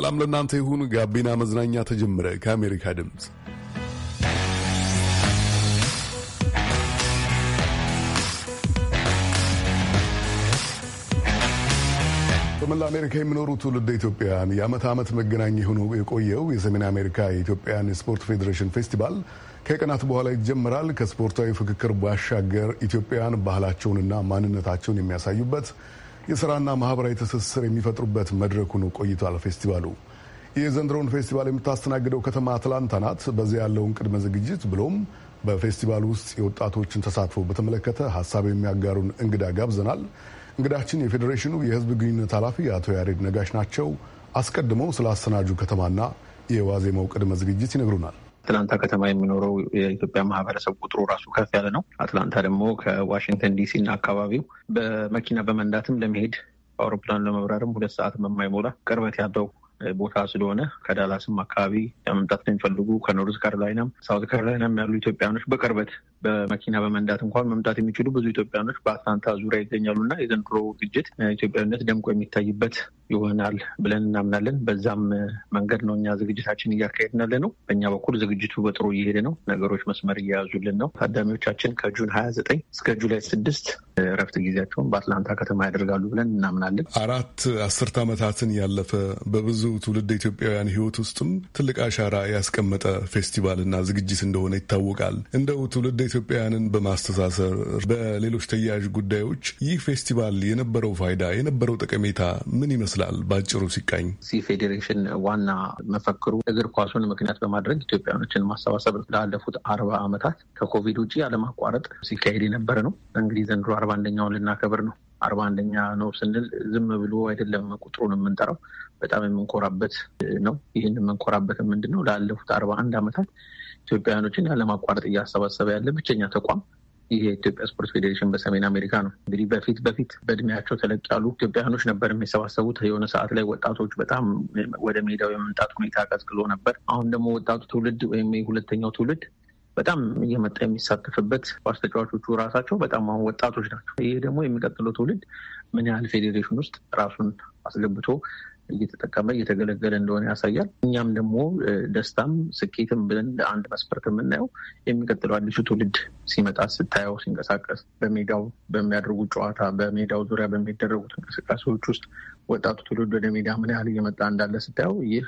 ሰላም ለእናንተ ይሁን። ጋቢና መዝናኛ ተጀመረ። ከአሜሪካ ድምፅ በመላ አሜሪካ የሚኖሩ ትውልደ ኢትዮጵያውያን የዓመት ዓመት መገናኛ ሆኖ የቆየው የሰሜን አሜሪካ የኢትዮጵያን የስፖርት ፌዴሬሽን ፌስቲቫል ከቀናት በኋላ ይጀምራል። ከስፖርታዊ ፍክክር ባሻገር ኢትዮጵያውያን ባህላቸውንና ማንነታቸውን የሚያሳዩበት የስራና ማህበራዊ ትስስር የሚፈጥሩበት መድረክ ሆኖ ቆይቷል። ፌስቲቫሉ የዘንድሮውን ፌስቲቫል የምታስተናግደው ከተማ አትላንታ ናት። በዚያ ያለውን ቅድመ ዝግጅት ብሎም በፌስቲቫል ውስጥ የወጣቶችን ተሳትፎ በተመለከተ ሀሳብ የሚያጋሩን እንግዳ ጋብዘናል። እንግዳችን የፌዴሬሽኑ የህዝብ ግንኙነት ኃላፊ አቶ ያሬድ ነጋሽ ናቸው። አስቀድመው ስለ አሰናጁ ከተማና የዋዜማው ቅድመ ዝግጅት ይነግሩናል። አትላንታ ከተማ የሚኖረው የኢትዮጵያ ማህበረሰብ ቁጥሩ ራሱ ከፍ ያለ ነው። አትላንታ ደግሞ ከዋሽንግተን ዲሲ እና አካባቢው በመኪና በመንዳትም ለመሄድ አውሮፕላን ለመብራርም ሁለት ሰዓት በማይሞላ ቅርበት ያለው ቦታ ስለሆነ ከዳላስም አካባቢ ለመምጣት የሚፈልጉ ከኖርዝ ካሮላይናም ሳውት ካሮላይናም ያሉ ኢትዮጵያኖች በቅርበት በመኪና በመንዳት እንኳን መምጣት የሚችሉ ብዙ ኢትዮጵያኖች በአትላንታ ዙሪያ ይገኛሉ እና የዘንድሮ ዝግጅት ኢትዮጵያዊነት ደምቆ የሚታይበት ይሆናል ብለን እናምናለን። በዛም መንገድ ነው እኛ ዝግጅታችን እያካሄድን ያለ ነው። በእኛ በኩል ዝግጅቱ በጥሩ እየሄደ ነው። ነገሮች መስመር እየያዙልን ነው። ታዳሚዎቻችን ከጁን ሀያ ዘጠኝ እስከ ጁላይ ስድስት እረፍት ጊዜያቸውን በአትላንታ ከተማ ያደርጋሉ ብለን እናምናለን። አራት አስርት ዓመታትን ያለፈ በብዙ ትውልድ ኢትዮጵያውያን ሕይወት ውስጥም ትልቅ አሻራ ያስቀመጠ ፌስቲቫልና ዝግጅት እንደሆነ ይታወቃል። እንደው ትውልድ ኢትዮጵያውያንን በማስተሳሰር በሌሎች ተያያዥ ጉዳዮች ይህ ፌስቲቫል የነበረው ፋይዳ የነበረው ጠቀሜታ ምን ይመስላል? በአጭሩ ሲቃኝ ሲ ፌዴሬሽን ዋና መፈክሩ እግር ኳሱን ምክንያት በማድረግ ኢትዮጵያኖችን ማሰባሰብ ላለፉት አርባ ዓመታት ከኮቪድ ውጭ ያለማቋረጥ ሲካሄድ የነበረ ነው። እንግዲህ ዘንድሮ አርባ አንደኛውን ልናከብር ነው። አርባ አንደኛ ነው ስንል ዝም ብሎ አይደለም ቁጥሩን የምንጠራው፣ በጣም የምንኮራበት ነው። ይህን የምንኮራበት ምንድን ነው? ላለፉት አርባ አንድ ዓመታት ኢትዮጵያውያኖችን ያለማቋረጥ እያሰባሰበ ያለ ብቸኛ ተቋም ይሄ የኢትዮጵያ ስፖርት ፌዴሬሽን በሰሜን አሜሪካ ነው። እንግዲህ በፊት በፊት በእድሜያቸው ተለቅ ያሉ ኢትዮጵያውያኖች ነበር የሚሰባሰቡት። የሆነ ሰዓት ላይ ወጣቶች በጣም ወደ ሜዳው የመምጣት ሁኔታ ቀዝቅዞ ነበር። አሁን ደግሞ ወጣቱ ትውልድ ወይም የሁለተኛው ትውልድ በጣም እየመጣ የሚሳተፍበት ኳስ ተጫዋቾቹ ራሳቸው በጣም አሁን ወጣቶች ናቸው። ይህ ደግሞ የሚቀጥለው ትውልድ ምን ያህል ፌዴሬሽን ውስጥ ራሱን አስገብቶ እየተጠቀመ እየተገለገለ እንደሆነ ያሳያል። እኛም ደግሞ ደስታም ስኬትም ብለን ለአንድ መስፈርት የምናየው የሚቀጥለው አዲሱ ትውልድ ሲመጣ ስታየው ሲንቀሳቀስ፣ በሜዳው በሚያደርጉት ጨዋታ፣ በሜዳው ዙሪያ በሚደረጉት እንቅስቃሴዎች ውስጥ ወጣቱ ትውልድ ወደ ሜዳ ምን ያህል እየመጣ እንዳለ ስታየው ይህ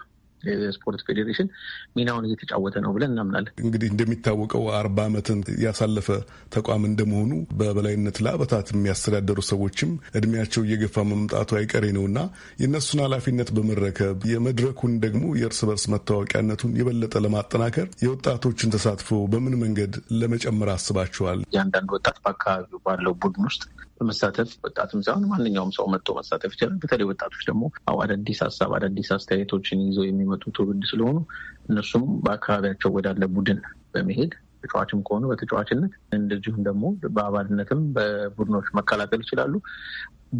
ስፖርት ፌዴሬሽን ሚናውን እየተጫወተ ነው ብለን እናምናለን። እንግዲህ እንደሚታወቀው አርባ ዓመትን ያሳለፈ ተቋም እንደመሆኑ በበላይነት ለአበታት የሚያስተዳደሩ ሰዎችም እድሜያቸው እየገፋ መምጣቱ አይቀሬ እና የእነሱን ኃላፊነት በመረከብ የመድረኩን ደግሞ የእርስ በርስ መታወቂያነቱን የበለጠ ለማጠናከር የወጣቶችን ተሳትፎ በምን መንገድ ለመጨመር አስባችኋል? እያንዳንድ ወጣት በአካባቢው ባለው ቡድን ውስጥ በመሳተፍ ወጣትም ሳይሆን ማንኛውም ሰው መጥቶ መሳተፍ ይችላል። በተለይ ወጣቶች ደግሞ አዳዲስ ሀሳብ፣ አዳዲስ አስተያየቶችን ይዘው የሚመጡ ትውልድ ስለሆኑ እነሱም በአካባቢያቸው ወዳለ ቡድን በመሄድ ተጫዋችም ከሆኑ በተጫዋችነት እንደዚሁም ደግሞ በአባልነትም በቡድኖች መቀላቀል ይችላሉ።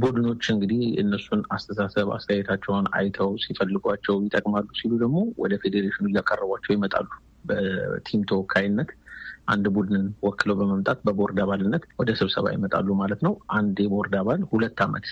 ቡድኖች እንግዲህ እነሱን አስተሳሰብ አስተያየታቸውን አይተው ሲፈልጓቸው ይጠቅማሉ ሲሉ ደግሞ ወደ ፌዴሬሽኑ እያቀረቧቸው ይመጣሉ። በቲም ተወካይነት አንድ ቡድንን ወክለው በመምጣት በቦርድ አባልነት ወደ ስብሰባ ይመጣሉ ማለት ነው። አንድ የቦርድ አባል ሁለት ዓመት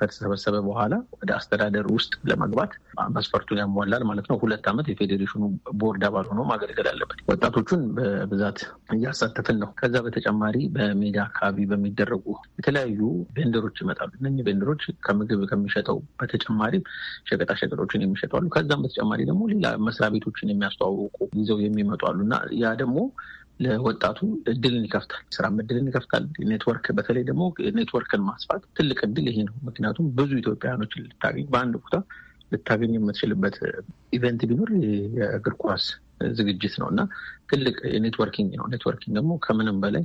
ከተሰበሰበ በኋላ ወደ አስተዳደር ውስጥ ለመግባት መስፈርቱን ያሟላል ማለት ነው። ሁለት ዓመት የፌዴሬሽኑ ቦርድ አባል ሆኖ ማገልገል አለበት። ወጣቶቹን በብዛት እያሳተፍን ነው። ከዛ በተጨማሪ በሜዳ አካባቢ በሚደረጉ የተለያዩ ቬንደሮች ይመጣሉ። እነኝህ ቬንደሮች ከምግብ ከሚሸጠው በተጨማሪም ሸቀጣሸቀጦችን የሚሸጡ አሉ። ከዛም በተጨማሪ ደግሞ ሌላ መስሪያ ቤቶችን የሚያስተዋውቁ ይዘው የሚመጡ አሉ እና ያ ደግሞ ለወጣቱ እድልን ይከፍታል። ስራም እድልን ይከፍታል። ኔትወርክ በተለይ ደግሞ ኔትወርክን ማስፋት ትልቅ እድል ይሄ ነው። ምክንያቱም ብዙ ኢትዮጵያውያኖችን ልታገኝ በአንድ ቦታ ልታገኝ የምትችልበት ኢቨንት ቢኖር የእግር ኳስ ዝግጅት ነው እና ትልቅ ኔትወርኪንግ ነው። ኔትወርኪንግ ደግሞ ከምንም በላይ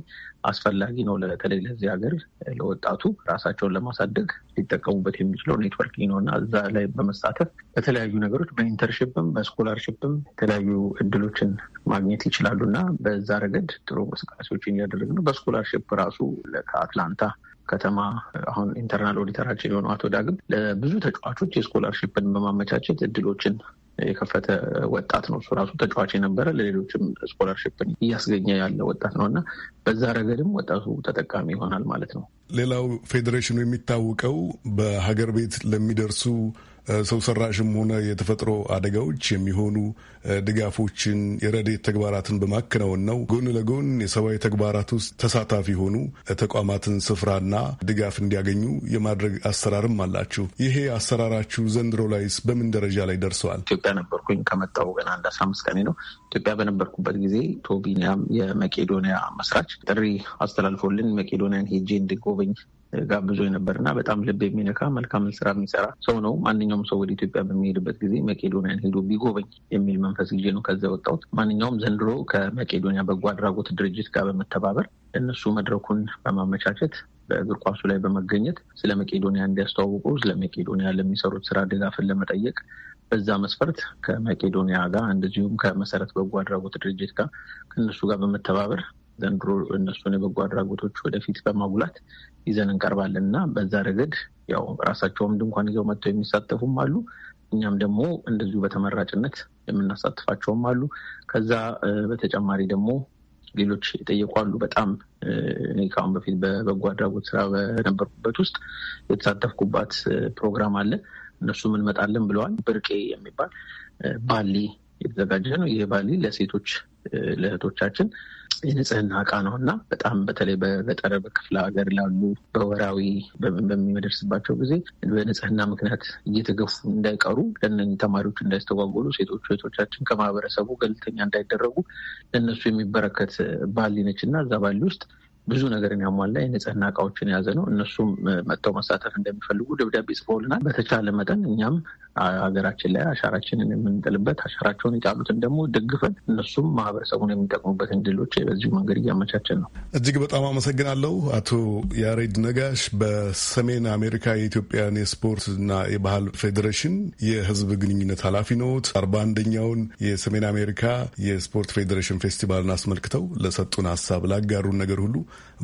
አስፈላጊ ነው። በተለይ ለዚህ ሀገር ለወጣቱ ራሳቸውን ለማሳደግ ሊጠቀሙበት የሚችለው ኔትወርኪንግ ነው እና እዛ ላይ በመሳተፍ በተለያዩ ነገሮች በኢንተርሽፕም በስኮላርሽፕም የተለያዩ እድሎችን ማግኘት ይችላሉ እና በዛ ረገድ ጥሩ እንቅስቃሴዎችን እያደረግን ነው። በስኮላርሽፕ ራሱ ከአትላንታ ከተማ አሁን ኢንተርናል ኦዲተራችን የሆነው አቶ ዳግም ለብዙ ተጫዋቾች የስኮላርሽፕን በማመቻቸት እድሎችን የከፈተ ወጣት ነው። እሱ ራሱ ተጫዋች የነበረ ለሌሎችም ስኮላርሽፕን እያስገኘ ያለ ወጣት ነው እና በዛ ረገድም ወጣቱ ተጠቃሚ ይሆናል ማለት ነው። ሌላው ፌዴሬሽኑ የሚታወቀው በሀገር ቤት ለሚደርሱ ሰው ሰራሽም ሆነ የተፈጥሮ አደጋዎች የሚሆኑ ድጋፎችን፣ የረዴት ተግባራትን በማከናወን ነው። ጎን ለጎን የሰብአዊ ተግባራት ውስጥ ተሳታፊ የሆኑ ተቋማትን ስፍራና ድጋፍ እንዲያገኙ የማድረግ አሰራርም አላችሁ። ይሄ አሰራራችሁ ዘንድሮ ላይስ በምን ደረጃ ላይ ደርሰዋል? ኢትዮጵያ ነበርኩኝ ከመጣሁ ገና አንድ አስራ አምስት ቀኔ ነው። ኢትዮጵያ በነበርኩበት ጊዜ ቶቢኒያም የመቄዶኒያ መስራች ጥሪ አስተላልፎልን መቄዶኒያን ሄጄ እንድጎበኝ ጋብዞ የነበርና በጣም ልብ የሚነካ መልካምን ስራ የሚሰራ ሰው ነው። ማንኛውም ሰው ወደ ኢትዮጵያ በሚሄድበት ጊዜ መቄዶንያን ሄዶ ቢጎበኝ የሚል መንፈስ ጊዜ ነው ከዚያ የወጣሁት። ማንኛውም ዘንድሮ ከመቄዶንያ በጎ አድራጎት ድርጅት ጋር በመተባበር እነሱ መድረኩን በማመቻቸት በእግር ኳሱ ላይ በመገኘት ስለ መቄዶንያ እንዲያስተዋውቁ ስለ መቄዶኒያ ለሚሰሩት ስራ ድጋፍን ለመጠየቅ በዛ መስፈርት ከመቄዶንያ ጋር እንደዚሁም ከመሰረት በጎ አድራጎት ድርጅት ጋር ከእነሱ ጋር በመተባበር ዘንድሮ እነሱን የበጎ አድራጎቶች ወደፊት በማጉላት ይዘን እንቀርባለን እና በዛ ረገድ ያው ራሳቸውም ድንኳን ይዘው መጥተው የሚሳተፉም አሉ። እኛም ደግሞ እንደዚሁ በተመራጭነት የምናሳትፋቸውም አሉ። ከዛ በተጨማሪ ደግሞ ሌሎች የጠየቁ አሉ። በጣም እኔ ከአሁን በፊት በበጎ አድራጎት ስራ በነበርኩበት ውስጥ የተሳተፍኩባት ፕሮግራም አለ። እነሱም እንመጣለን ብለዋል። ብርቄ የሚባል ባሊ የተዘጋጀ ነው። ይህ ባሊ ለሴቶች ለእህቶቻችን የንጽህና እቃ ነው እና በጣም በተለይ በገጠር በክፍለ ሀገር ላሉ በወራዊ በሚደርስባቸው ጊዜ በንጽህና ምክንያት እየተገፉ እንዳይቀሩ ለነ ተማሪዎች እንዳይስተጓጎሉ ሴቶቹ ሴቶቻችን ከማህበረሰቡ ገለልተኛ እንዳይደረጉ ለእነሱ የሚበረከት ባሊ ነች እና እዛ ባሊ ውስጥ ብዙ ነገርን ያሟላ የንጽህና እቃዎችን የያዘ ነው። እነሱም መጥተው መሳተፍ እንደሚፈልጉ ደብዳቤ ጽፈውልናል። በተቻለ መጠን እኛም ሀገራችን ላይ አሻራችንን የምንጥልበት አሻራቸውን የጫሉትን ደግሞ ደግፈን እነሱም ማህበረሰቡን የሚጠቅሙበትን ድሎች በዚሁ መንገድ እያመቻችን ነው። እጅግ በጣም አመሰግናለሁ አቶ ያሬድ ነጋሽ በሰሜን አሜሪካ የኢትዮጵያን የስፖርትና የባህል ፌዴሬሽን የህዝብ ግንኙነት ኃላፊ ኖት። አርባ አንደኛውን የሰሜን አሜሪካ የስፖርት ፌዴሬሽን ፌስቲቫልን አስመልክተው ለሰጡን ሀሳብ ላጋሩን ነገር ሁሉ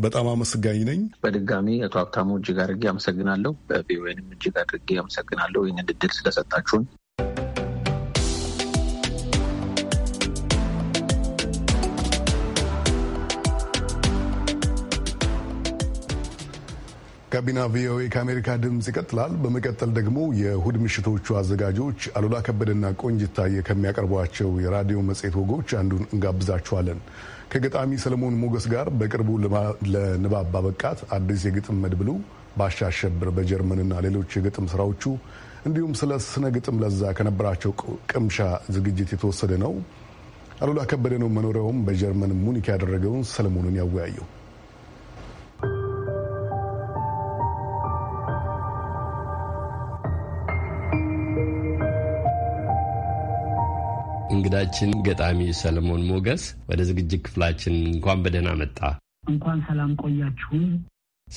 በጣም አመስጋኝ ነኝ። በድጋሚ አቶ ሀብታሙ እጅግ አድርጌ አመሰግናለሁ። በቪኦኤንም እጅግ አድርጌ አመሰግናለሁ ይህንን እድል ስለሰጣችሁን። ጋቢና ቪኦኤ ከአሜሪካ ድምፅ ይቀጥላል። በመቀጠል ደግሞ የእሁድ ምሽቶቹ አዘጋጆች አሉላ ከበደና ቆንጅታየ ከሚያቀርቧቸው የራዲዮ መጽሔት ወጎች አንዱን እንጋብዛችኋለን። ከገጣሚ ሰለሞን ሞገስ ጋር በቅርቡ ለንባብ ባበቃት አዲስ የግጥም መድብሉ ባሻሸብር በጀርመንና ሌሎች የግጥም ስራዎቹ እንዲሁም ስለ ስነ ግጥም ለዛ ከነበራቸው ቅምሻ ዝግጅት የተወሰደ ነው። አሉላ ከበደ ነው መኖሪያውም በጀርመን ሙኒክ ያደረገውን ሰለሞኑን ያወያየው። እንግዳችን ገጣሚ ሰለሞን ሞገስ ወደ ዝግጅት ክፍላችን እንኳን በደህና መጣ። እንኳን ሰላም ቆያችሁ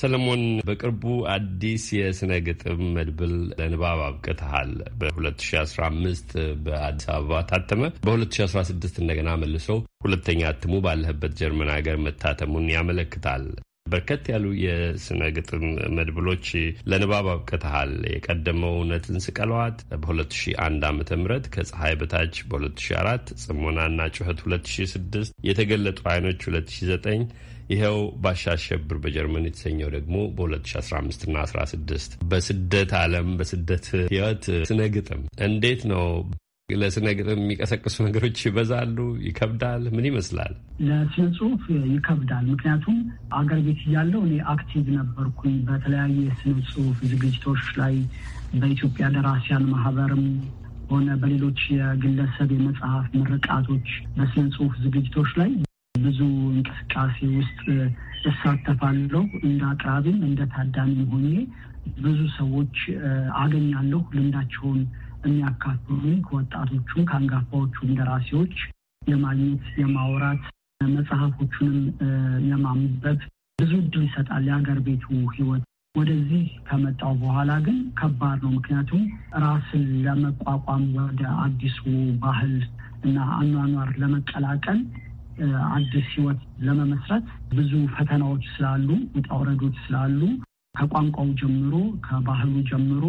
ሰለሞን በቅርቡ አዲስ የስነ ግጥም መድብል ለንባብ አብቅተሃል። በ2015 በአዲስ አበባ ታተመ። በ2016 እንደገና መልሶ ሁለተኛ እትሙ ባለህበት ጀርመን ሀገር መታተሙን ያመለክታል። በርከት ያሉ የስነ ግጥም መድብሎች ለንባብ አብቅተሃል። የቀደመው እውነትን ስቀለዋት በ2001 ዓ ም ከፀሐይ በታች በ2004 ጽሞናና ጩኸት 2006 የተገለጡ አይኖች 2009 ይኸው ባሻሸብር በጀርመን የተሰኘው ደግሞ በ2015 ና 16 በስደት ዓለም በስደት ህይወት ስነ ግጥም እንዴት ነው ለስነ የሚቀሰቅሱ ነገሮች ይበዛሉ? ይከብዳል? ምን ይመስላል? ለስነ ጽሁፍ ይከብዳል። ምክንያቱም አገር ቤት እያለው እኔ አክቲቭ ነበርኩኝ በተለያየ የስነ ጽሁፍ ዝግጅቶች ላይ በኢትዮጵያ ደራሲያን ማህበርም ሆነ በሌሎች የግለሰብ የመጽሐፍ ምርቃቶች፣ በስነ ጽሁፍ ዝግጅቶች ላይ ብዙ እንቅስቃሴ ውስጥ እሳተፋለሁ። እንደ አቅራቢም እንደ ታዳሚ ሆኜ ብዙ ሰዎች አገኛለሁ ልምዳቸውን የሚያካትሉ ከወጣቶቹም ከአንጋፋዎቹ እንደራሴዎች የማግኘት የማውራት መጽሐፎቹንም የማንበብ ብዙ እድል ይሰጣል። የሀገር ቤቱ ህይወት ወደዚህ ከመጣው በኋላ ግን ከባድ ነው። ምክንያቱም ራስን ለመቋቋም ወደ አዲሱ ባህል እና አኗኗር ለመቀላቀል አዲስ ህይወት ለመመስረት ብዙ ፈተናዎች ስላሉ ውጣ ውረዶች ስላሉ ከቋንቋው ጀምሮ ከባህሉ ጀምሮ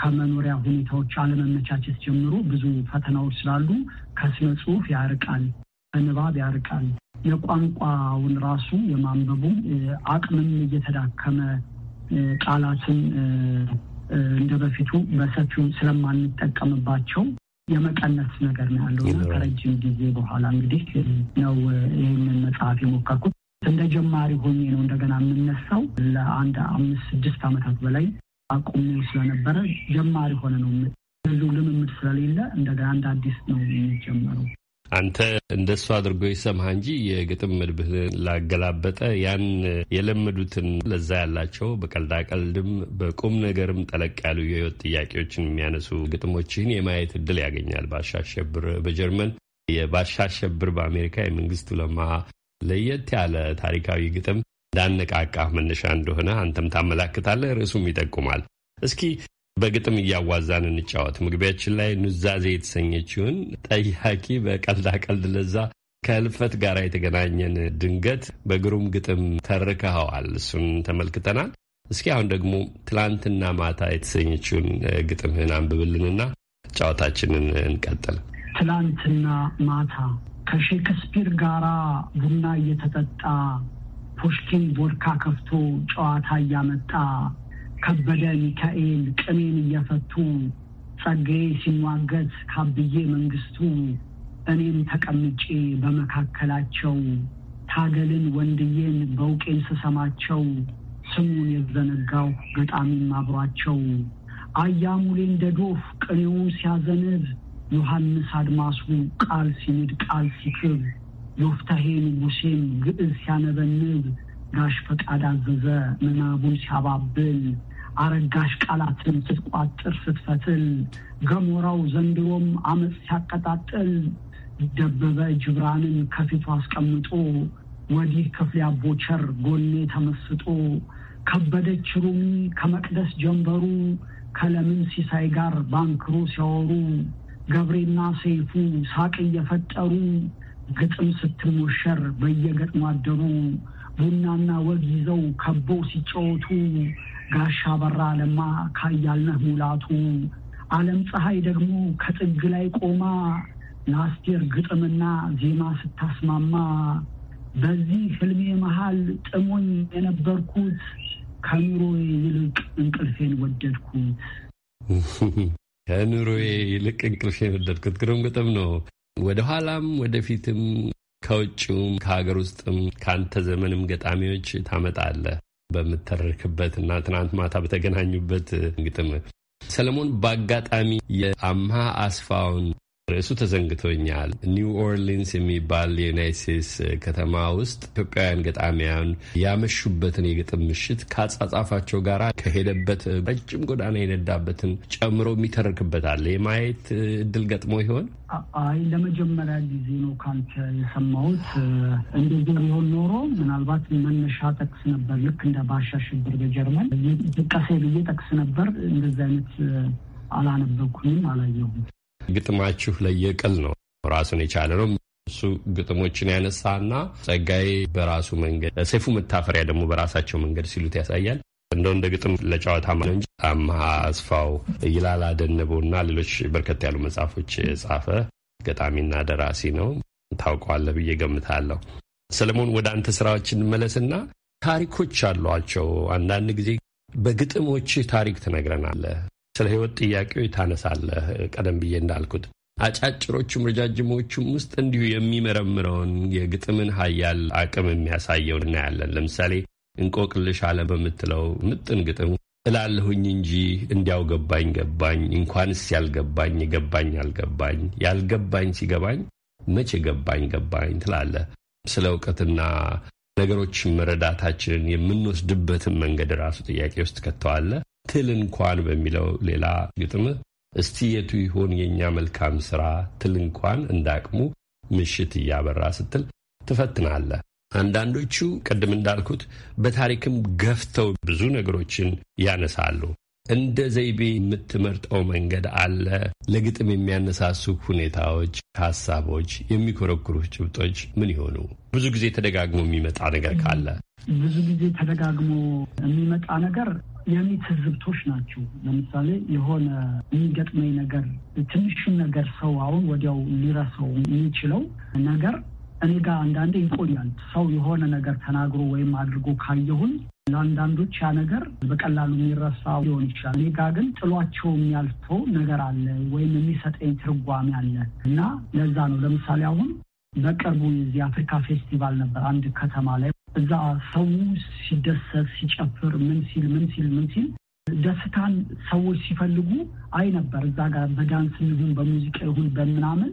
ከመኖሪያ ሁኔታዎች አለመመቻቸት ጀምሮ ብዙ ፈተናዎች ስላሉ ከስነ ጽሁፍ ያርቃል፣ ከንባብ ያርቃል። የቋንቋውን ራሱ የማንበቡ አቅምም እየተዳከመ ቃላትን እንደ በፊቱ በሰፊው ስለማንጠቀምባቸው የመቀነስ ነገር ነው ያለው። ከረጅም ጊዜ በኋላ እንግዲህ ነው ይህንን መጽሐፍ የሞከርኩት። እንደ ጀማሪ ሆኜ ነው እንደገና የምነሳው። ለአንድ አምስት ስድስት ዓመታት በላይ አቁሙ ስለነበረ ጀማሪ ሆነ ነው ብዙ ልምምድ ስለሌለ እንደገና አንድ አዲስ ነው የሚጀመረው። አንተ እንደሱ አድርጎ ይሰማህ እንጂ የግጥም መድብህን ላገላበጠ ያን የለመዱትን ለዛ ያላቸው በቀልዳቀልድም በቁም ነገርም ጠለቅ ያሉ የህይወት ጥያቄዎችን የሚያነሱ ግጥሞችህን የማየት እድል ያገኛል። ባሻሸብር በጀርመን የባሻሸብር በአሜሪካ የመንግስቱ ለማ ለየት ያለ ታሪካዊ ግጥም እንዳነቃቃህ መነሻ እንደሆነ አንተም ታመላክታለህ፣ ርዕሱም ይጠቁማል። እስኪ በግጥም እያዋዛን እንጫወት። መግቢያችን ላይ ኑዛዜ የተሰኘችውን ጠያቂ በቀልዳ ቀልድ ለዛ ከህልፈት ጋር የተገናኘን ድንገት በግሩም ግጥም ተርከኸዋል። እሱን ተመልክተናል። እስኪ አሁን ደግሞ ትላንትና ማታ የተሰኘችውን ግጥምህን አንብብልንና ጨዋታችንን እንቀጥል። ትላንትና ማታ ከሼክስፒር ጋራ ቡና እየተጠጣ ፑሽኪን ቦድካ ከፍቶ ጨዋታ እያመጣ ከበደ ሚካኤል ቅሜን እየፈቱ ጸጌ ሲሟገት ካብዬ መንግስቱ እኔም ተቀምጬ በመካከላቸው ታገልን ወንድዬን በውቄን ስሰማቸው ስሙን የዘነጋው ገጣሚም አብሯቸው አያሙሌ እንደ ዶፍ ቅኔውን ሲያዘንብ ዮሐንስ አድማሱ ቃል ሲንድ ቃል ሲክብ ዮፍታሄ ንጉሴም ግዕዝ ሲያነበንብ ጋሽ ፈቃድ አዘዘ ምናቡን ሲያባብል አረጋሽ ቃላትን ስትቋጥር ስትፈትል ገሞራው ዘንድሮም አመፅ ሲያቀጣጥል ደበበ ጅብራንን ከፊቱ አስቀምጦ ወዲህ ክፍሌ አቦቸር ጎኔ ተመስጦ ከበደች ሩሚ ከመቅደስ ጀንበሩ ከለምን ሲሳይ ጋር ባንክሮ ሲያወሩ ገብሬና ሰይፉ ሳቅ እየፈጠሩ ግጥም ስትሞሸር በየገጥሞ አደሩ ቡናና ወግ ይዘው ከበው ሲጫወቱ ጋሻ በራ ለማ ካያልነህ ሙላቱ አለም ፀሐይ ደግሞ ከጥግ ላይ ቆማ ናስቴር ግጥምና ዜማ ስታስማማ በዚህ ህልሜ መሃል ጥሞኝ የነበርኩት ከኑሮ ይልቅ እንቅልፌን ወደድኩት። ከኑሮዬ ይልቅ እንቅልፌን ወደድኩት። ግሩም ግጥም ነው። ወደኋላም ወደፊትም ከውጭውም ከሀገር ውስጥም ከአንተ ዘመንም ገጣሚዎች ታመጣለህ በምተረክበት እና ትናንት ማታ በተገናኙበት ግጥም ሰለሞን በአጋጣሚ የአምሃ አስፋውን ርዕሱ ተዘንግቶኛል። ኒው ኦርሊንስ የሚባል የዩናይት ስቴትስ ከተማ ውስጥ ኢትዮጵያውያን ገጣሚያን ያመሹበትን የግጥም ምሽት ከአጻጻፋቸው ጋር ከሄደበት ረጅም ጎዳና የነዳበትን ጨምሮ የሚተርክበታል። የማየት እድል ገጥሞ ይሆን? አይ ለመጀመሪያ ጊዜ ነው ካንተ የሰማሁት። እንደዚህ ቢሆን ኖሮ ምናልባት መነሻ ጠቅስ ነበር። ልክ እንደ ባሻ ሽብር በጀርመን ጥቀሴ ብዬ ጠቅስ ነበር። እንደዚህ አይነት አላነበብኩኝም፣ አላየሁም። ግጥማችሁ ለየቅል ነው ራሱን የቻለ ነው። እሱ ግጥሞችን ያነሳና ጸጋዬ በራሱ መንገድ፣ ሰይፉ መታፈሪያ ደግሞ በራሳቸው መንገድ ሲሉት ያሳያል። እንደው እንደ ግጥም ለጨዋታ ማ እንጂ አምሃ አስፋው ይላል እና ሌሎች በርከት ያሉ መጽሐፎች ጻፈ። ገጣሚና ደራሲ ነው። ታውቀዋለህ ብዬ ገምታለሁ። ሰለሞን፣ ወደ አንተ ስራዎች እንመለስና ታሪኮች አሏቸው። አንዳንድ ጊዜ በግጥሞች ታሪክ ትነግረናለህ። ስለ ህይወት ጥያቄው ታነሳለህ። ቀደም ብዬ እንዳልኩት አጫጭሮቹም ረጃጅሞቹም ውስጥ እንዲሁ የሚመረምረውን የግጥምን ሀያል አቅም የሚያሳየው እናያለን። ለምሳሌ እንቆቅልሽ አለ በምትለው ምጥን ግጥም እላለሁኝ እንጂ እንዲያው ገባኝ ገባኝ እንኳንስ ያልገባኝ የገባኝ ያልገባኝ ያልገባኝ ሲገባኝ መቼ ገባኝ ገባኝ ትላለ ስለ እውቀትና ነገሮች መረዳታችንን የምንወስድበትን መንገድ ራሱ ጥያቄ ውስጥ ከተዋለ። ትል እንኳን በሚለው ሌላ ግጥም እስቲ የቱ ይሆን የእኛ መልካም ስራ ትል እንኳን እንዳቅሙ ምሽት እያበራ ስትል ትፈትናለ። አንዳንዶቹ ቅድም እንዳልኩት በታሪክም ገፍተው ብዙ ነገሮችን ያነሳሉ። እንደ ዘይቤ የምትመርጠው መንገድ አለ። ለግጥም የሚያነሳሱ ሁኔታዎች፣ ሀሳቦች፣ የሚኮረኩሩ ጭብጦች ምን ይሆኑ? ብዙ ጊዜ ተደጋግሞ የሚመጣ ነገር ካለ ብዙ ጊዜ ተደጋግሞ የሚመጣ ነገር የኔ ትዝብቶች ናቸው። ለምሳሌ የሆነ የሚገጥመኝ ነገር ትንሹን ነገር ሰው አሁን ወዲያው ሊረሳው የሚችለው ነገር እኔ ጋር አንዳንዴ ይቆያል። ሰው የሆነ ነገር ተናግሮ ወይም አድርጎ ካየሁን ለአንዳንዶች ያ ነገር በቀላሉ የሚረሳ ሊሆን ይችላል። እኔ ጋ ግን ጥሏቸው የሚያልፈው ነገር አለ ወይም የሚሰጠኝ ትርጓሜ አለ እና ለዛ ነው ለምሳሌ አሁን በቅርቡ የዚህ አፍሪካ ፌስቲቫል ነበር አንድ ከተማ ላይ እዛ ሰው ሲደሰት ሲጨፍር ምን ሲል ምን ሲል ምን ሲል ደስታን ሰዎች ሲፈልጉ አይ ነበር እዛ ጋር በዳንስ ይሁን በሙዚቃ ይሁን በምናምን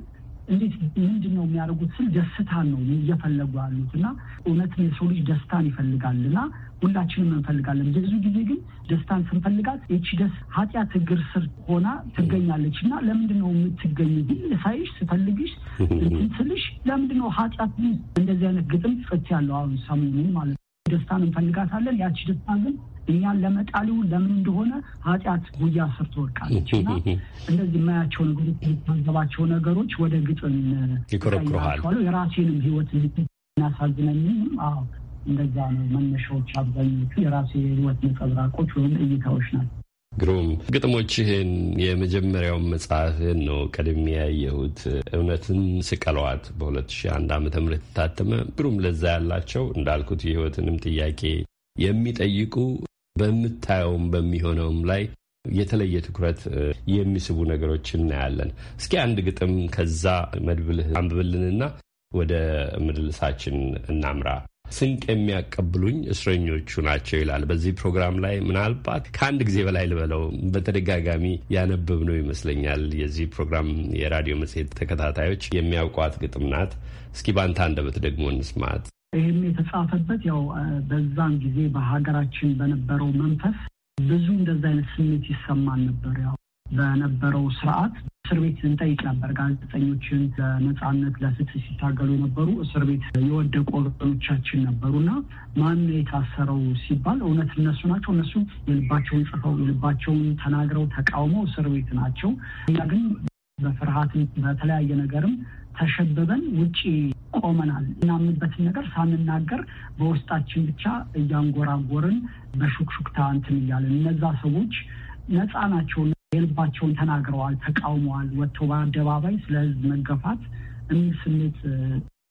እንዴት ምንድን ነው የሚያደርጉት ስል ደስታን ነው እየፈለጉ ያሉት እና እውነትን የሰው ልጅ ደስታን ይፈልጋል እና ሁላችንም እንፈልጋለን። ብዙ ጊዜ ግን ደስታን ስንፈልጋት ይቺ ደስ ኃጢአት እግር ስር ሆና ትገኛለች እና ለምንድን ነው የምትገኝ ግን ሳይሽ ስፈልግሽ እንትን ስልሽ ለምንድን ነው ኃጢአት እንደዚህ አይነት ግጥም ጽፌያለሁ አሁን ሰሞኑን ማለት ነው። ደስታን እንፈልጋታለን። ያቺ ደስታ ግን እኛን ለመጣሊው ለምን እንደሆነ ኃጢአት ጉያ ስር ትወድቃለች እና እንደዚህ የማያቸው ነገሮች የሚታዘባቸው ነገሮች ወደ ግጥም ይኮረኩረሃል። የራሴንም ህይወት እናሳዝነኝም። አዎ እንደዛ ነው። መነሻዎች አብዛኞቹ የራሴ የህይወት ነጸብራቆች ወይም እይታዎች ናቸው። ግሩም ግጥሞችህን የመጀመሪያውን መጽሐፍህን ነው ቀድሜ ያየሁት። እውነትን ስቀለዋት በ2001 ዓ ም ታተመ። ግሩም ለዛ ያላቸው እንዳልኩት የህይወትንም ጥያቄ የሚጠይቁ በምታየውም በሚሆነውም ላይ የተለየ ትኩረት የሚስቡ ነገሮች እናያለን። እስኪ አንድ ግጥም ከዛ መድብልህ አንብብልንና ወደ ምድልሳችን እናምራ። ስንቅ የሚያቀብሉኝ እስረኞቹ ናቸው ይላል። በዚህ ፕሮግራም ላይ ምናልባት ከአንድ ጊዜ በላይ ልበለው በተደጋጋሚ ያነበብነው ይመስለኛል። የዚህ ፕሮግራም የራዲዮ መጽሔት ተከታታዮች የሚያውቋት ግጥም ናት። እስኪ ባንታ አንደበት ደግሞ እንስማት። ይህም የተጻፈበት ያው በዛን ጊዜ በሀገራችን በነበረው መንፈስ ብዙ እንደዚ አይነት ስሜት ይሰማን ነበር። ያው በነበረው ስርዓት እስር ቤት እንጠይቅ ነበር። ጋዜጠኞችን ለነፃነት ለፍትህ ሲታገሉ የነበሩ እስር ቤት የወደቁ ወገኖቻችን እና ማን የታሰረው ሲባል እውነት እነሱ ናቸው። እነሱ የልባቸውን ጽፈው የልባቸውን ተናግረው ተቃውሞ እስር ቤት ናቸው። እኛ ግን በፍርሃትም በተለያየ ነገርም ተሸብበን ውጪ ቆመናል። እናምንበትን ነገር ሳንናገር በውስጣችን ብቻ እያንጎራጎርን በሹክሹክታ እንትን እያለን እነዛ ሰዎች ነፃ ናቸው የልባቸውን ተናግረዋል፣ ተቃውመዋል። ወጥቶ በአደባባይ ስለ ህዝብ መገፋት የሚል ስሜት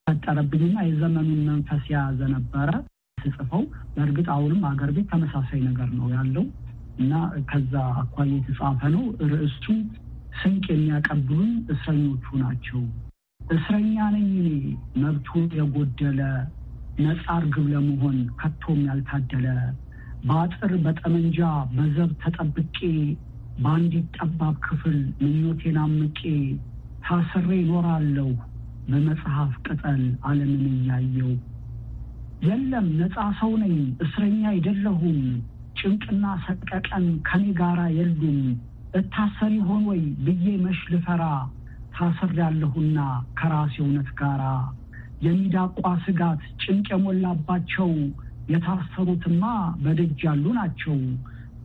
ፈጠረብኝና የዘመኑን መንፈስ የያዘ ነበረ ስጽፈው። በእርግጥ አሁንም አገር ቤት ተመሳሳይ ነገር ነው ያለው እና ከዛ አኳያ የተጻፈ ነው። ርዕሱ ስንቅ የሚያቀብሉን እስረኞቹ ናቸው። እስረኛ ነኝ እኔ መብቱ የጎደለ ነጻ እርግብ ለመሆን ከቶም ያልታደለ በአጥር በጠመንጃ በዘብ ተጠብቄ በአንዲት ጠባብ ክፍል ምኞቴን አምቄ ታስሬ ይኖራለሁ በመጽሐፍ ቅጠል ዓለምን እያየው። የለም ነፃ ሰው ነኝ፣ እስረኛ አይደለሁም። ጭንቅና ሰቀቀን ከኔ ጋራ የሉም። እታሰር ይሆን ወይ ብዬ መሽ ልፈራ ታስር ያለሁና ከራሴ እውነት ጋራ የሚዳቋ ስጋት ጭንቅ የሞላባቸው የታሰሩትማ በደጅ ያሉ ናቸው።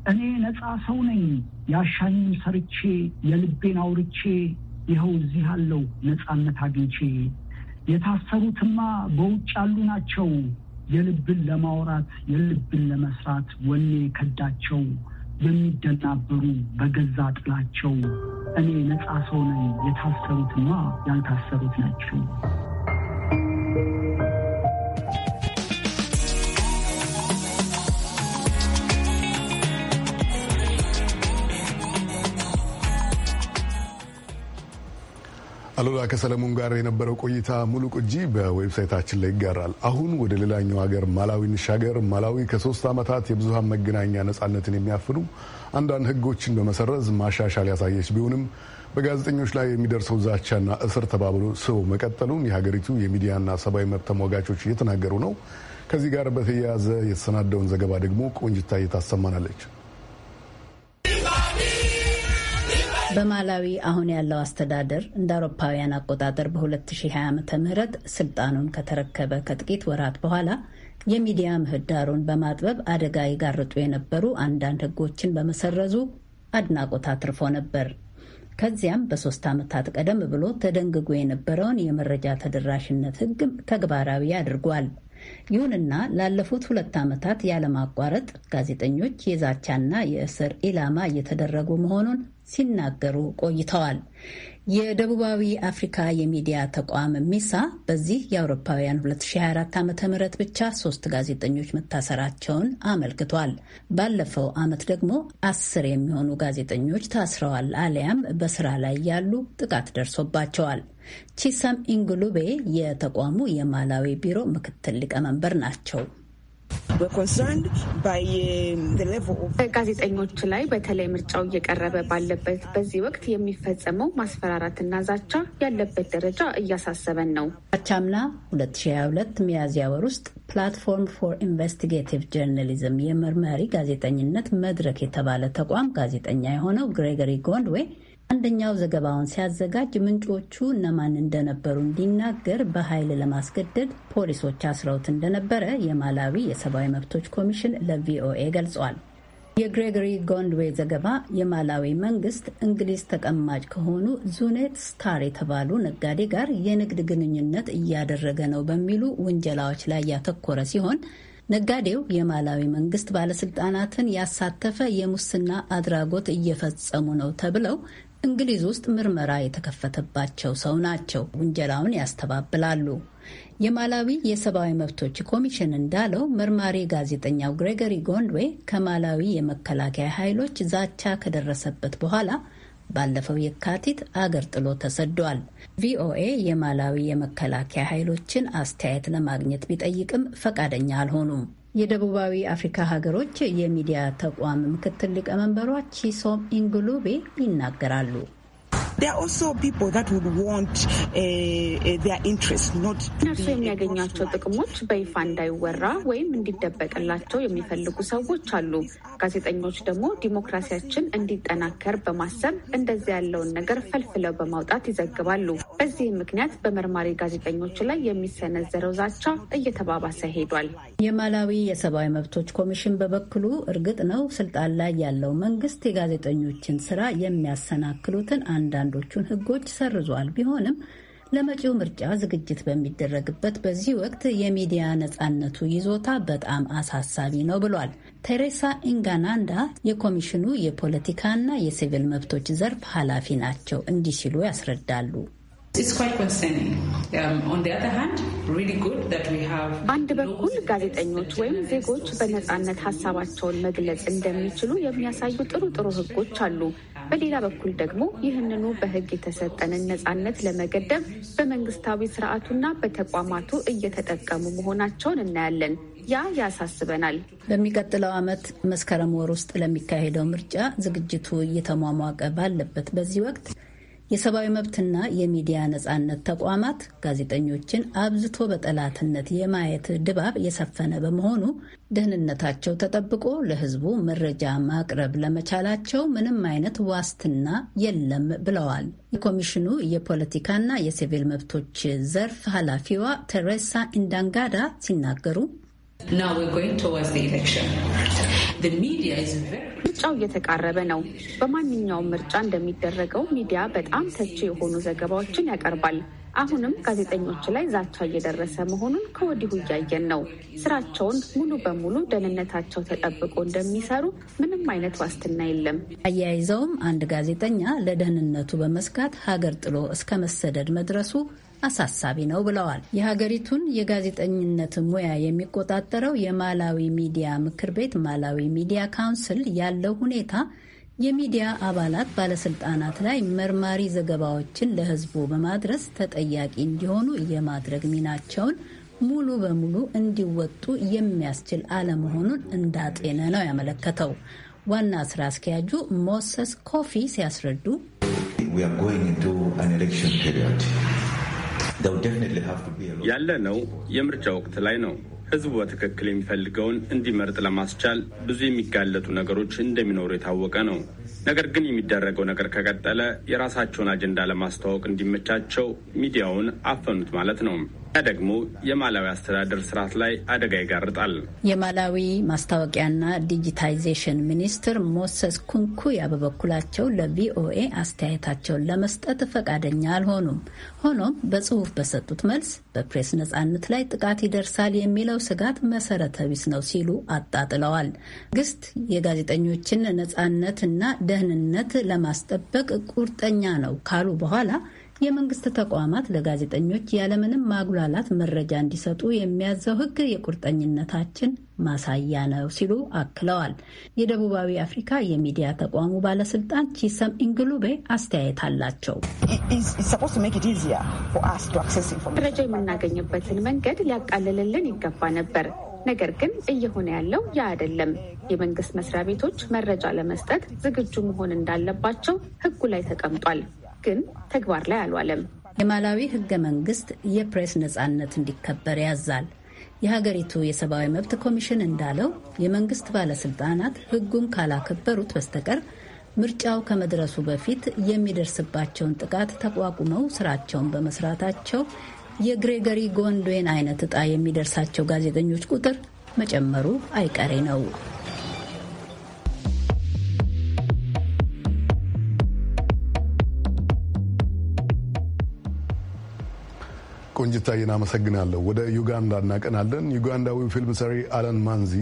እኔ ነፃ ሰው ነኝ፣ ያሻኝም ሰርቼ የልቤን አውርቼ ይኸው እዚህ አለው ነፃነት አግኝቼ። የታሰሩትማ በውጭ ያሉ ናቸው፣ የልብን ለማውራት የልብን ለመስራት ወኔ ከዳቸው፣ የሚደናበሩ በገዛ ጥላቸው። እኔ ነፃ ሰው ነኝ፣ የታሰሩትማ ያልታሰሩት ናቸው። አሉላ ከሰለሞን ጋር የነበረው ቆይታ ሙሉ ቅጂ በዌብሳይታችን ላይ ይጋራል። አሁን ወደ ሌላኛው ሀገር ማላዊ እንሻገር። ማላዊ ከሶስት ዓመታት የብዙሀን መገናኛ ነጻነትን የሚያፍኑ አንዳንድ ህጎችን በመሰረዝ ማሻሻል ያሳየች ቢሆንም በጋዜጠኞች ላይ የሚደርሰው ዛቻና እስር ተባብሎ ስቦ መቀጠሉን የሀገሪቱ የሚዲያና ሰብአዊ መብት ተሟጋቾች እየተናገሩ ነው። ከዚህ ጋር በተያያዘ የተሰናደውን ዘገባ ደግሞ ቆንጅታ ታሰማናለች። በማላዊ አሁን ያለው አስተዳደር እንደ አውሮፓውያን አቆጣጠር በ2020 ዓ ም ስልጣኑን ከተረከበ ከጥቂት ወራት በኋላ የሚዲያ ምህዳሩን በማጥበብ አደጋ ይጋርጡ የነበሩ አንዳንድ ህጎችን በመሰረዙ አድናቆት አትርፎ ነበር። ከዚያም በሶስት ዓመታት ቀደም ብሎ ተደንግጎ የነበረውን የመረጃ ተደራሽነት ህግም ተግባራዊ አድርጓል። ይሁንና ላለፉት ሁለት ዓመታት ያለማቋረጥ ጋዜጠኞች የዛቻና የእስር ኢላማ እየተደረጉ መሆኑን ሲናገሩ ቆይተዋል። የደቡባዊ አፍሪካ የሚዲያ ተቋም ሚሳ በዚህ የአውሮፓውያን 2024 ዓ ም ብቻ ሶስት ጋዜጠኞች መታሰራቸውን አመልክቷል። ባለፈው ዓመት ደግሞ አስር የሚሆኑ ጋዜጠኞች ታስረዋል አሊያም በስራ ላይ ያሉ ጥቃት ደርሶባቸዋል። ቺሳም ኢንግሉቤ የተቋሙ የማላዊ ቢሮ ምክትል ሊቀመንበር ናቸው። Um, በጋዜጠኞች ላይ በተለይ ምርጫው እየቀረበ ባለበት በዚህ ወቅት የሚፈጸመው ማስፈራራትና ዛቻ ያለበት ደረጃ እያሳሰበን ነው። አቻምና 2022 ሚያዝያ ወር ውስጥ ፕላትፎርም ፎር ኢንቨስቲጌቲቭ ጀርናሊዝም የመርማሪ ጋዜጠኝነት መድረክ የተባለ ተቋም ጋዜጠኛ የሆነው ግሬገሪ ጎንድዌ አንደኛው ዘገባውን ሲያዘጋጅ ምንጮቹ እነማን እንደነበሩ እንዲናገር በኃይል ለማስገደድ ፖሊሶች አስረውት እንደነበረ የማላዊ የሰብአዊ መብቶች ኮሚሽን ለቪኦኤ ገልጿል። የግሬጎሪ ጎንድዌ ዘገባ የማላዊ መንግስት እንግሊዝ ተቀማጭ ከሆኑ ዙኔት ስታር የተባሉ ነጋዴ ጋር የንግድ ግንኙነት እያደረገ ነው በሚሉ ውንጀላዎች ላይ ያተኮረ ሲሆን ነጋዴው የማላዊ መንግስት ባለስልጣናትን ያሳተፈ የሙስና አድራጎት እየፈጸሙ ነው ተብለው እንግሊዝ ውስጥ ምርመራ የተከፈተባቸው ሰው ናቸው። ውንጀላውን ያስተባብላሉ። የማላዊ የሰብአዊ መብቶች ኮሚሽን እንዳለው መርማሪ ጋዜጠኛው ግሬገሪ ጎንድዌ ከማላዊ የመከላከያ ኃይሎች ዛቻ ከደረሰበት በኋላ ባለፈው የካቲት አገር ጥሎ ተሰዷል። ቪኦኤ የማላዊ የመከላከያ ኃይሎችን አስተያየት ለማግኘት ቢጠይቅም ፈቃደኛ አልሆኑም። የደቡባዊ አፍሪካ ሀገሮች የሚዲያ ተቋም ምክትል ሊቀመንበሯ ቺሶም ኢንግሉቤ ይናገራሉ። there are also people that would want uh, uh, their interest not እነሱ የሚያገኛቸው ጥቅሞች በይፋ እንዳይወራ ወይም እንዲደበቅላቸው የሚፈልጉ ሰዎች አሉ። ጋዜጠኞች ደግሞ ዲሞክራሲያችን እንዲጠናከር በማሰብ እንደዚህ ያለውን ነገር ፈልፍለው በማውጣት ይዘግባሉ። በዚህም ምክንያት በመርማሪ ጋዜጠኞች ላይ የሚሰነዘረው ዛቻ እየተባባሰ ሄዷል። የማላዊ የሰብአዊ መብቶች ኮሚሽን በበኩሉ እርግጥ ነው ስልጣን ላይ ያለው መንግስት የጋዜጠኞችን ስራ የሚያሰናክሉትን አንዳንድ አንዳንዶቹን ሕጎች ሰርዟል። ቢሆንም ለመጪው ምርጫ ዝግጅት በሚደረግበት በዚህ ወቅት የሚዲያ ነፃነቱ ይዞታ በጣም አሳሳቢ ነው ብሏል። ቴሬሳ ኢንጋናንዳ የኮሚሽኑ የፖለቲካና የሲቪል መብቶች ዘርፍ ኃላፊ ናቸው። እንዲህ ሲሉ ያስረዳሉ። በአንድ um, በኩል ጋዜጠኞች ወይም ዜጎች በነፃነት ሀሳባቸውን መግለጽ እንደሚችሉ የሚያሳዩ ጥሩ ጥሩ ሕጎች አሉ። በሌላ በኩል ደግሞ ይህንኑ በህግ የተሰጠንን ነጻነት ለመገደብ በመንግስታዊ ስርዓቱና በተቋማቱ እየተጠቀሙ መሆናቸውን እናያለን። ያ ያሳስበናል። በሚቀጥለው ዓመት መስከረም ወር ውስጥ ለሚካሄደው ምርጫ ዝግጅቱ እየተሟሟቀ ባለበት በዚህ ወቅት የሰብአዊ መብትና የሚዲያ ነጻነት ተቋማት ጋዜጠኞችን አብዝቶ በጠላትነት የማየት ድባብ የሰፈነ በመሆኑ ደህንነታቸው ተጠብቆ ለሕዝቡ መረጃ ማቅረብ ለመቻላቸው ምንም አይነት ዋስትና የለም ብለዋል። የኮሚሽኑ የፖለቲካና የሲቪል መብቶች ዘርፍ ኃላፊዋ ቴሬሳ ኢንዳንጋዳ ሲናገሩ ምርጫው እየተቃረበ ነው። በማንኛውም ምርጫ እንደሚደረገው ሚዲያ በጣም ተቺ የሆኑ ዘገባዎችን ያቀርባል። አሁንም ጋዜጠኞች ላይ ዛቻ እየደረሰ መሆኑን ከወዲሁ እያየን ነው። ስራቸውን ሙሉ በሙሉ ደህንነታቸው ተጠብቆ እንደሚሰሩ ምንም አይነት ዋስትና የለም። አያይዘውም አንድ ጋዜጠኛ ለደህንነቱ በመስጋት ሀገር ጥሎ እስከ መሰደድ መድረሱ አሳሳቢ ነው ብለዋል። የሀገሪቱን የጋዜጠኝነት ሙያ የሚቆጣጠረው የማላዊ ሚዲያ ምክር ቤት ማላዊ ሚዲያ ካውንስል ያለው ሁኔታ የሚዲያ አባላት ባለስልጣናት ላይ መርማሪ ዘገባዎችን ለሕዝቡ በማድረስ ተጠያቂ እንዲሆኑ የማድረግ ሚናቸውን ሙሉ በሙሉ እንዲወጡ የሚያስችል አለመሆኑን እንዳጤነ ነው ያመለከተው። ዋና ስራ አስኪያጁ ሞሰስ ኮፊ ሲያስረዱ ያለነው የምርጫ ወቅት ላይ ነው። ህዝቡ በትክክል የሚፈልገውን እንዲመርጥ ለማስቻል ብዙ የሚጋለጡ ነገሮች እንደሚኖሩ የታወቀ ነው። ነገር ግን የሚደረገው ነገር ከቀጠለ የራሳቸውን አጀንዳ ለማስተዋወቅ እንዲመቻቸው ሚዲያውን አፈኑት ማለት ነው። ያ ደግሞ የማላዊ አስተዳደር ስርዓት ላይ አደጋ ይጋርጣል። የማላዊ ማስታወቂያና ዲጂታይዜሽን ሚኒስትር ሞሰስ ኩንኩያ በበኩላቸው ለቪኦኤ አስተያየታቸውን ለመስጠት ፈቃደኛ አልሆኑም። ሆኖም በጽሁፍ በሰጡት መልስ በፕሬስ ነጻነት ላይ ጥቃት ይደርሳል የሚለው ስጋት መሰረተ ቢስ ነው ሲሉ አጣጥለዋል። መንግስት የጋዜጠኞችን ነጻነትና ደህንነት ለማስጠበቅ ቁርጠኛ ነው ካሉ በኋላ የመንግስት ተቋማት ለጋዜጠኞች ያለምንም ማጉላላት መረጃ እንዲሰጡ የሚያዘው ህግ የቁርጠኝነታችን ማሳያ ነው ሲሉ አክለዋል። የደቡባዊ አፍሪካ የሚዲያ ተቋሙ ባለስልጣን ቺሰም ኢንግሉቤ አስተያየት አላቸው። መረጃ የምናገኝበትን መንገድ ሊያቃልልልን ይገባ ነበር። ነገር ግን እየሆነ ያለው ያ አይደለም። የመንግስት መስሪያ ቤቶች መረጃ ለመስጠት ዝግጁ መሆን እንዳለባቸው ህጉ ላይ ተቀምጧል። ግን ተግባር ላይ አልዋለም። የማላዊ ህገ መንግስት የፕሬስ ነጻነት እንዲከበር ያዛል። የሀገሪቱ የሰብአዊ መብት ኮሚሽን እንዳለው የመንግስት ባለስልጣናት ህጉን ካላከበሩት በስተቀር ምርጫው ከመድረሱ በፊት የሚደርስባቸውን ጥቃት ተቋቁመው ስራቸውን በመስራታቸው የግሬገሪ ጎንዶዌን አይነት እጣ የሚደርሳቸው ጋዜጠኞች ቁጥር መጨመሩ አይቀሬ ነው። ቆንጅታዬን አመሰግናለሁ። ወደ ዩጋንዳ እናቀናለን። ዩጋንዳዊ ፊልም ሰሪ አለን ማንዚ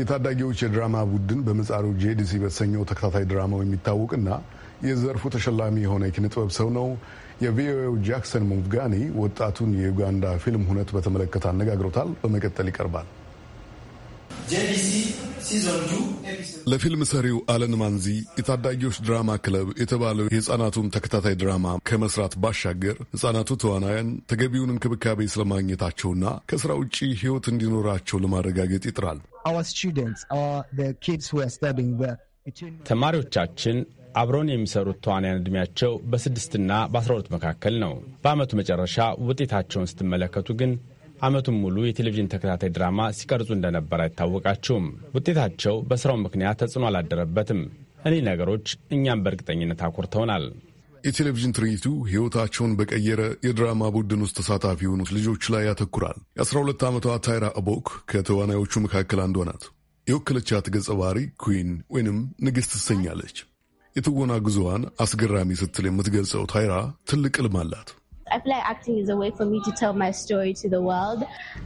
የታዳጊዎች የድራማ ቡድን በምጻሩ ጄዲሲ በተሰኘው ተከታታይ ድራማው የሚታወቅና የዘርፉ ተሸላሚ የሆነ የኪነጥበብ ሰው ነው። የቪኦኤው ጃክሰን ሙንጋኒ ወጣቱን የዩጋንዳ ፊልም ሁነት በተመለከተ አነጋግሮታል። በመቀጠል ይቀርባል። ለፊልም ሰሪው አለን ማንዚ የታዳጊዎች ድራማ ክለብ የተባለው የህፃናቱን ተከታታይ ድራማ ከመስራት ባሻገር ህፃናቱ ተዋናያን ተገቢውን እንክብካቤ ስለማግኘታቸውና ከስራ ውጭ ሕይወት እንዲኖራቸው ለማረጋገጥ ይጥራል። ተማሪዎቻችን አብረውን የሚሰሩት ተዋናያን ዕድሜያቸው በስድስትና በአስራ ሁለት መካከል ነው። በዓመቱ መጨረሻ ውጤታቸውን ስትመለከቱ ግን ዓመቱን ሙሉ የቴሌቪዥን ተከታታይ ድራማ ሲቀርጹ እንደነበር አይታወቃቸውም። ውጤታቸው በሥራው ምክንያት ተጽዕኖ አላደረበትም። እኒህ ነገሮች እኛም በእርግጠኝነት አኩርተውናል። የቴሌቪዥን ትርኢቱ ሕይወታቸውን በቀየረ የድራማ ቡድን ውስጥ ተሳታፊ የሆኑት ልጆች ላይ ያተኩራል። የ12 ዓመቷ ታይራ አቦክ ከተዋናዮቹ መካከል አንዷ ናት። የወከለቻት ገጸ ባህሪ ኩዊን ወይንም ንግሥት ትሰኛለች። የትወና ጉዞዋን አስገራሚ ስትል የምትገልጸው ታይራ ትልቅ ዕልም አላት።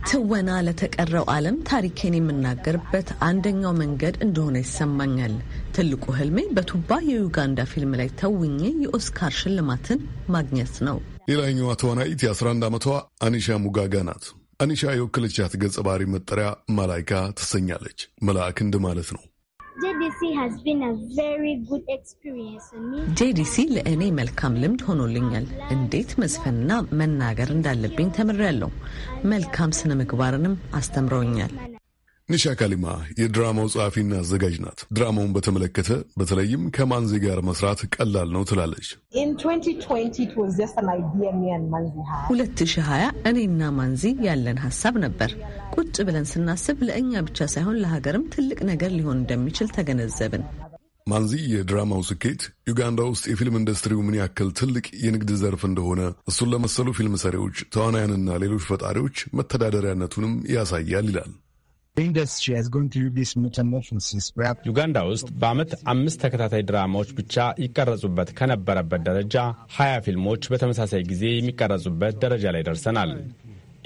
ትወና ለተቀረው ዓለም ታሪኬን የምናገርበት አንደኛው መንገድ እንደሆነ ይሰማኛል። ትልቁ ህልሜ በቱባ የዩጋንዳ ፊልም ላይ ተውኜ የኦስካር ሽልማትን ማግኘት ነው። ሌላኛዋ ተዋናይት የ11 ዓመቷ አኒሻ ሙጋጋ ናት። አኒሻ የወክለቻት ገጸ ባህሪ መጠሪያ መላይካ ትሰኛለች። መልአክ እንደ ማለት ነው። ጄዲሲ ለእኔ መልካም ልምድ ሆኖልኛል። እንዴት መዝፈንና መናገር እንዳለብኝ ተምሬያለሁ። መልካም ስነ ምግባርንም አስተምረውኛል። ንሻ ካሊማ የድራማው ጸሐፊና አዘጋጅ ናት። ድራማውን በተመለከተ በተለይም ከማንዚ ጋር መስራት ቀላል ነው ትላለች። 2020 እኔና ማንዚ ያለን ሀሳብ ነበር። ቁጭ ብለን ስናስብ ለእኛ ብቻ ሳይሆን ለሀገርም ትልቅ ነገር ሊሆን እንደሚችል ተገነዘብን። ማንዚ የድራማው ስኬት ዩጋንዳ ውስጥ የፊልም ኢንዱስትሪው ምን ያክል ትልቅ የንግድ ዘርፍ እንደሆነ እሱን ለመሰሉ ፊልም ሰሪዎች፣ ተዋናያንና ሌሎች ፈጣሪዎች መተዳደሪያነቱንም ያሳያል ይላል። ዩጋንዳ ውስጥ በዓመት አምስት ተከታታይ ድራማዎች ብቻ ይቀረጹበት ከነበረበት ደረጃ ሀያ ፊልሞች በተመሳሳይ ጊዜ የሚቀረጹበት ደረጃ ላይ ደርሰናል።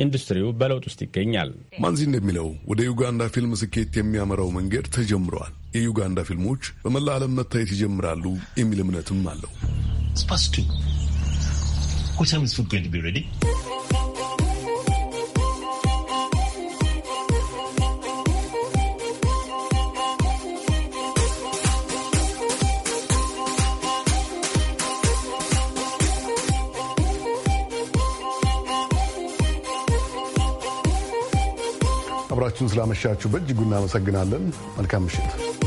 ኢንዱስትሪው በለውጥ ውስጥ ይገኛል። ማንዚ እንደሚለው ወደ ዩጋንዳ ፊልም ስኬት የሚያመራው መንገድ ተጀምረዋል። የዩጋንዳ ፊልሞች በመላ ዓለም መታየት ይጀምራሉ የሚል እምነትም አለው። አብራችሁን ስላመሻችሁ በእጅጉ እናመሰግናለን። መልካም ምሽት።